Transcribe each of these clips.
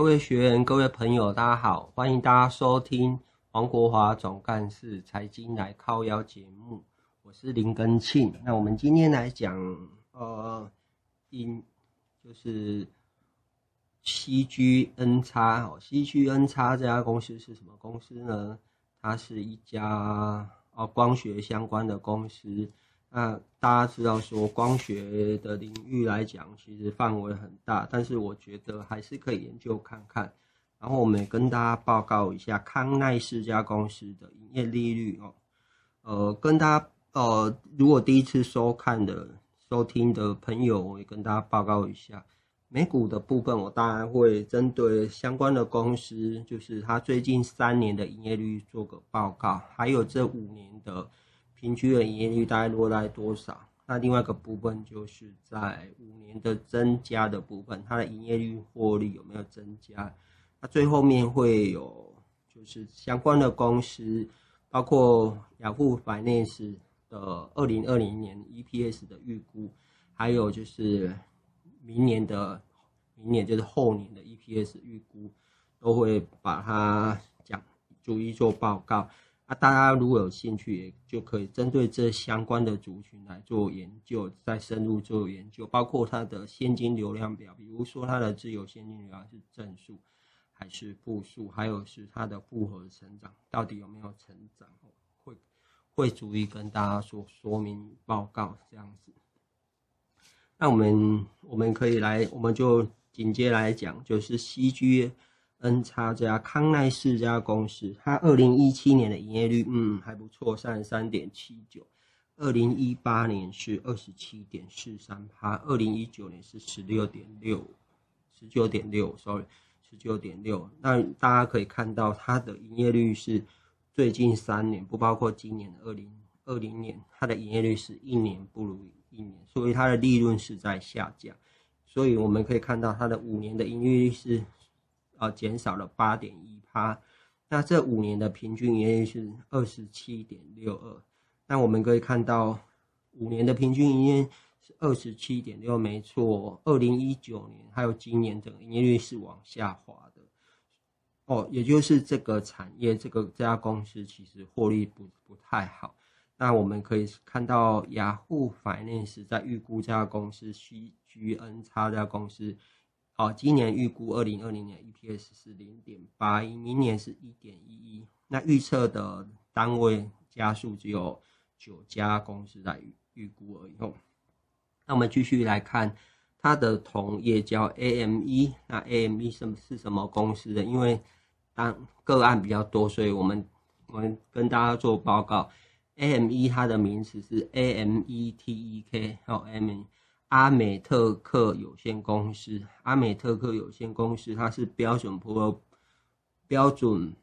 各位學員、各位朋友，大家好，歡迎大家收聽黃國華總幹事財經來靠腰節目，我是林根慶。那我們今天來講，呃，因就是 CGNX 哦，CGNX 這家公司是什麼公司呢？它是一家哦光學相關的公司。那大家知道說，光學的領域來講，其實範圍很大，但是我覺得還是可以研究看看。然後我們也跟大家報告一下康奈世家公司的營業利率哦。呃，跟大家呃，如果第一次收看的、收聽的朋友，我也跟大家報告一下美股的部分。我當然會針對相關的公司，就是它最近三年的營業率做個報告，還有這五年的。平均的營業率大概落在多少？那另外一個部分就是在五年的增加的部分，它的營業率獲利有沒有增加？那最後面會有就是相關的公司，包括雅虎 Finance 的二零二零年 EPS 的預估，還有就是明年的明年就是後年的 EPS 預估，都會把它講逐一做報告。那、啊、大家如果有興趣，也就可以針對這相關的族群來做研究，再深入做研究，包括它的現金流量表，比如說它的自由現金流量是正數，還是負數，還有是它的複合成長，到底有沒有成長，會會逐一跟大家說說明報告這樣子。那我們我們可以來，我們就緊接來講，就是矽格。N x 加康奈斯家公司，它二零一七年的營業率，嗯，還不錯，三十三點七九。二零一八年是二十七點四三趴，二零一九年是十六點六，十九點六，sorry，十九點六。那大家可以看到，它的營業率是最近三年不包括今年的二零二零年，它的營業率是一年不如一年，所以它的利潤是在下降。所以我們可以看到，它的五年的營業率是。哦，減少了八點一趴，那這五年的平均營業率是二十七點六二，那我們可以看到五年的平均營業是二十七點六，沒錯，二零一九年還有今年整個營業率是往下滑的，哦，也就是這個產業這個這家公司其實獲利不不太好，那我們可以看到雅虎、ah、Finance 在預估這家公司 CGNX 這家公司。哦，今年預估二零二零年 EPS 是零點八一，明年是一點一一。那預測的單位加速只有九家公司來預估而已。那我們繼續來看它的同業叫 AME，那 AME 是是什麼公司的？因為當個案比較多，所以我們我們跟大家做報告。AME 它的名詞是 AMETEK，還、哦、有 AME。AME 阿美特克有限公司，阿美特克有限公司，它是標準普爾標準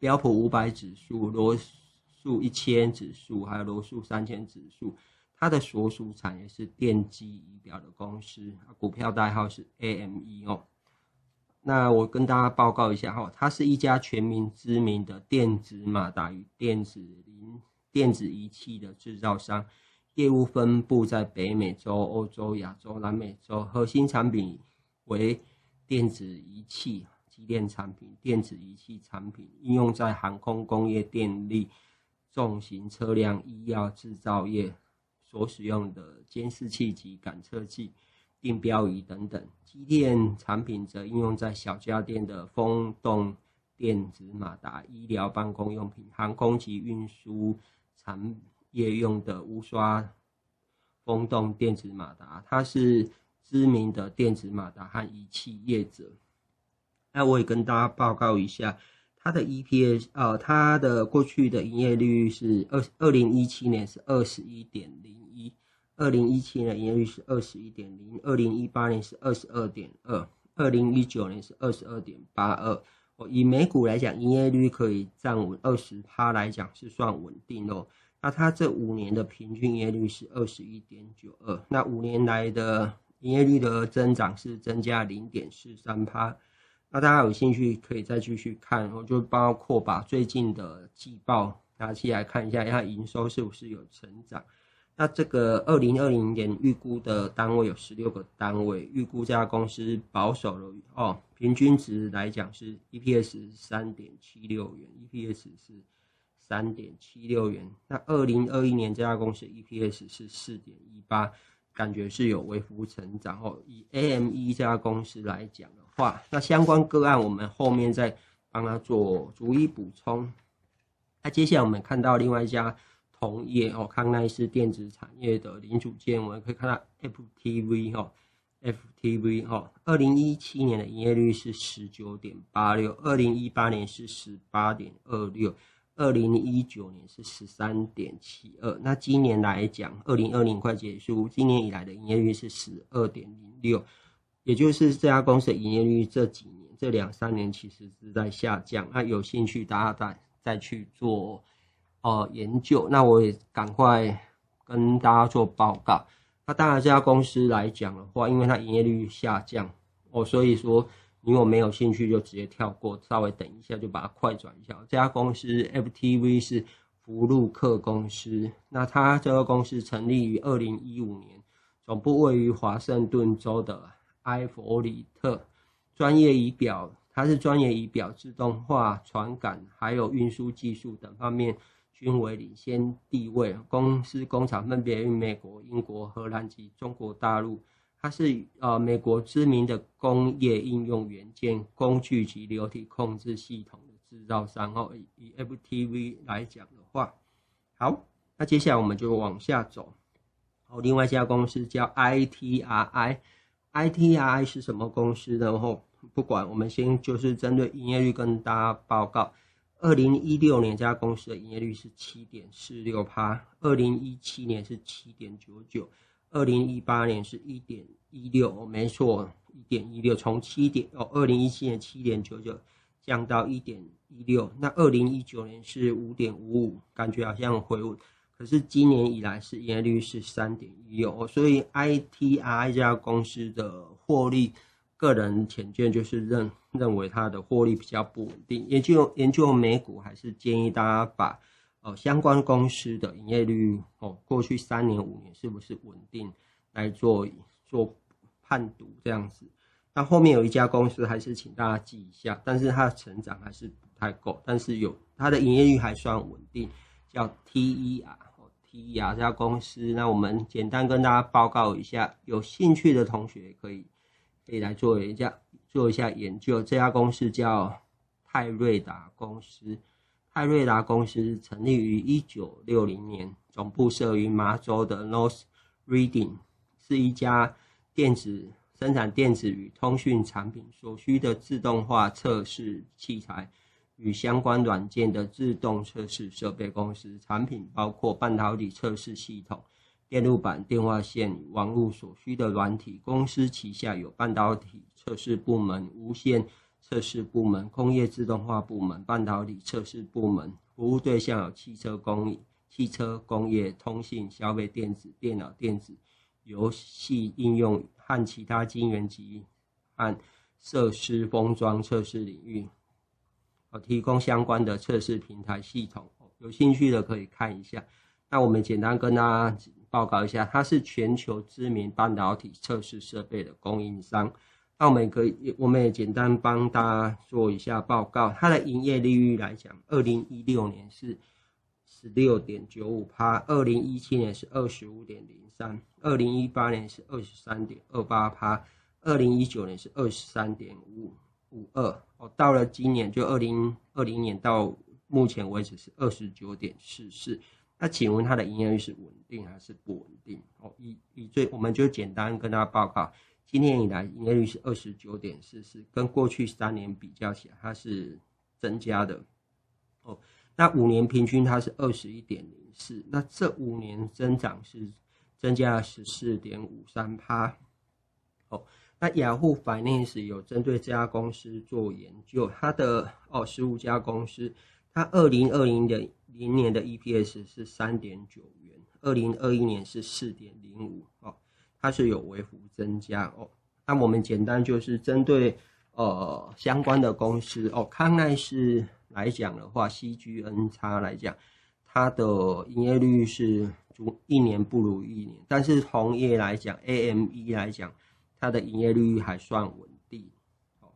標普五百指數、羅素一千指數還有羅素三千指數，它的所屬產業是電機儀表的公司，股票代號是 AME 哦、喔。那我跟大家報告一下哈、喔，它是一家全民知名的電子馬達與電子零電子儀器的制造商。業務分布在北美洲、歐洲、亞洲、南美洲，核心產品為電子儀器、機電產品。電子儀器產品應用在航空工業、電力、重型車輛、醫藥製造業所使用的監視器及感測器、定標儀等等。機電產品則應用在小家電的風動電子馬達、醫療辦公用品、航空及運輸產品。夜用的無刷風動電子馬達，它是知名的電子馬達和儀器業者。那我也跟大家報告一下，它的 EPS，呃，它的過去的營業率是二二零一七年是二十一點零一，二零一七年的營業率是二十一點零，二零一八年是二十二點二，二零一九年是二十二點八二。以美股來講，營業率可以站穩二十趴來講是算穩定哦。那它這五年的平均營業率是二十一點九二，那五年來的營業率的增長是增加零點四三趴。那大家有興趣可以再繼續看，我就包括把最近的季報拿起來看一下，它營收是不是有成長。那這個二零二零年預估的單位有十六個單位，預估這家公司保守的哦，平均值來講是 EPS 三點七六元，EPS 是。三點七六元，那二零二一年這家公司 EPS 是四點一八，感覺是有微幅成長。哦，以 AME 這家公司來講的話，那相關個案我們後面再幫他做逐一補充。那接下來我們看到另外一家同業哦，康耐斯電子產業的零組件，我們可以看到 FTV 哈，FTV 哈，二零一七年的營業率是十九點八六，二零一八年是十八點二六。二零一九年是十三點七二，那今年來講，二零二零快結束，今年以來的營業率是十二點零六，也就是這家公司的營業率這幾年、這兩三年其實是在下降。那有興趣大家再再去做、呃、研究，那我也趕快跟大家做報告。那當然，這家公司來講的話，因為它營業率下降哦，所以說。你因為我沒有興趣，就直接跳過。稍微等一下，就把它快轉一下。這家公司 FTV 是福祿克公司。那它這個公司成立於二零一五年，總部位於華盛頓州的埃弗里特。3，專業儀表，它是專業儀表、自動化、傳感，還有運輸技術等方面均為領先地位。公司工廠分別於美國、英國、荷蘭及中國大陸。它是呃美國知名的工業應用元件、工具及流體控制系統的制造商哦。以 FTV 來講的話，好，那接下來我們就往下走。好，另外一家公司叫 ITRI，ITRI IT 是什麼公司呢？後不管，我們先就是針對營業率跟大家報告。二零一六年這家公司的營業率是七點四六趴，二零一七年是七點九九。二零一八年是一點一六，沒錯，一點一六，從七點哦，二零一七年七點九九降到一點一六，那二零一九年是五點五五，感覺好像回穩，可是今年以來是盈利率是三點一六，所以 ITR 這家公司的獲利，個人淺見就是認認為它的獲利比較不穩定，研究研究美股還是建議大家把。哦，相關公司的營業率哦，過去三年五年是不是穩定來做做判讀這樣子？那後面有一家公司還是請大家記一下，但是它的成長還是不太夠，但是有它的營業率還算穩定，叫 TER，TER 這家公司，那我們簡單跟大家報告一下，有興趣的同學可以可以來做一下做一下研究，這家公司叫泰瑞達公司。泰瑞達公司成立於一九六零年，總部設於麻州的 North Reading，是一家電子生產電子與通訊產品所需的自動化測試器材與相關軟件的自動測試設備公司。產品包括半導體測試系統、電路板、電話線、與網路所需的軟體。公司旗下有半導體測試部門、無線。測試部門、工業自動化部門、半導體測試部門，服務對象有汽車工業、汽車工業、通信、消費電子、電腦電子、遊戲應用和其他晶圓級和設施封裝測試領域。提供相關的測試平台系統，有興趣的可以看一下。那我們簡單跟大家報告一下，它是全球知名半導體測試設備的供應商。那我們也可以，我們也簡單幫大家做一下報告，它的營業利率來講，二零一六年是十六點九五趴，二零一七年是二十五點零三，二零一八年是二十三點二八趴，二零一九年是二十三點五五二，哦，到了今年就二零二零年到目前為止是二十九點四四，那請問它的營業率是穩定還是不穩定？哦，以以最我們就簡單跟大家報告。今年以來，營業率是二十九點四四，跟過去三年比較起來，它是增加的。哦，那五年平均它是二十一點零四，那這五年增長是增加了十四點五三趴。哦，那雅虎、ah、Finance 有針對這家公司做研究，它的哦十五家公司，它二零二零的零年的 EPS 是三點九元，二零二一年是四點零五元。它是有微幅增加哦，那我們簡單就是針對呃相關的公司哦，康耐視來講的話，C G N X 來講，它的營業率是逐一年不如一年，但是同業來講，A M E 來講，它的營業率還算穩定哦。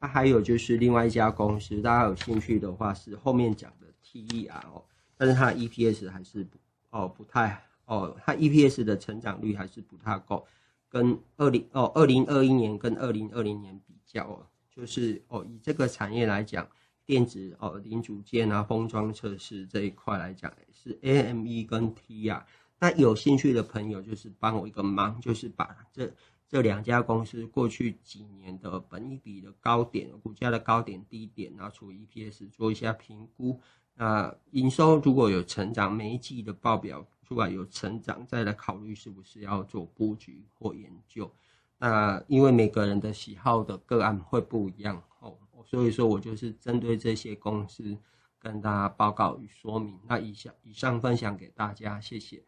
那、啊、還有就是另外一家公司，大家有興趣的話是後面講的 T E R 哦，但是它的 E P S 還是不哦不太。哦，它 EPS 的成長率還是不太夠，跟二零哦二零二一年跟二零二零年比較，就是哦以這個產業來講，電子哦零組件啊封裝測試這一塊來講是 AME 跟 T 啊。那有興趣的朋友就是幫我一個忙，就是把這這兩家公司過去幾年的本益比的高點、股價的高點、低點拿出 EPS 做一下評估。那營收如果有成長，每一季的報表，有成長，再來考慮是不是要做布局或研究。那、呃、因為每個人的喜好的個案會不一樣哦，所以說我就是針對這些公司跟大家報告與說明。那以上、以上分享給大家，謝謝。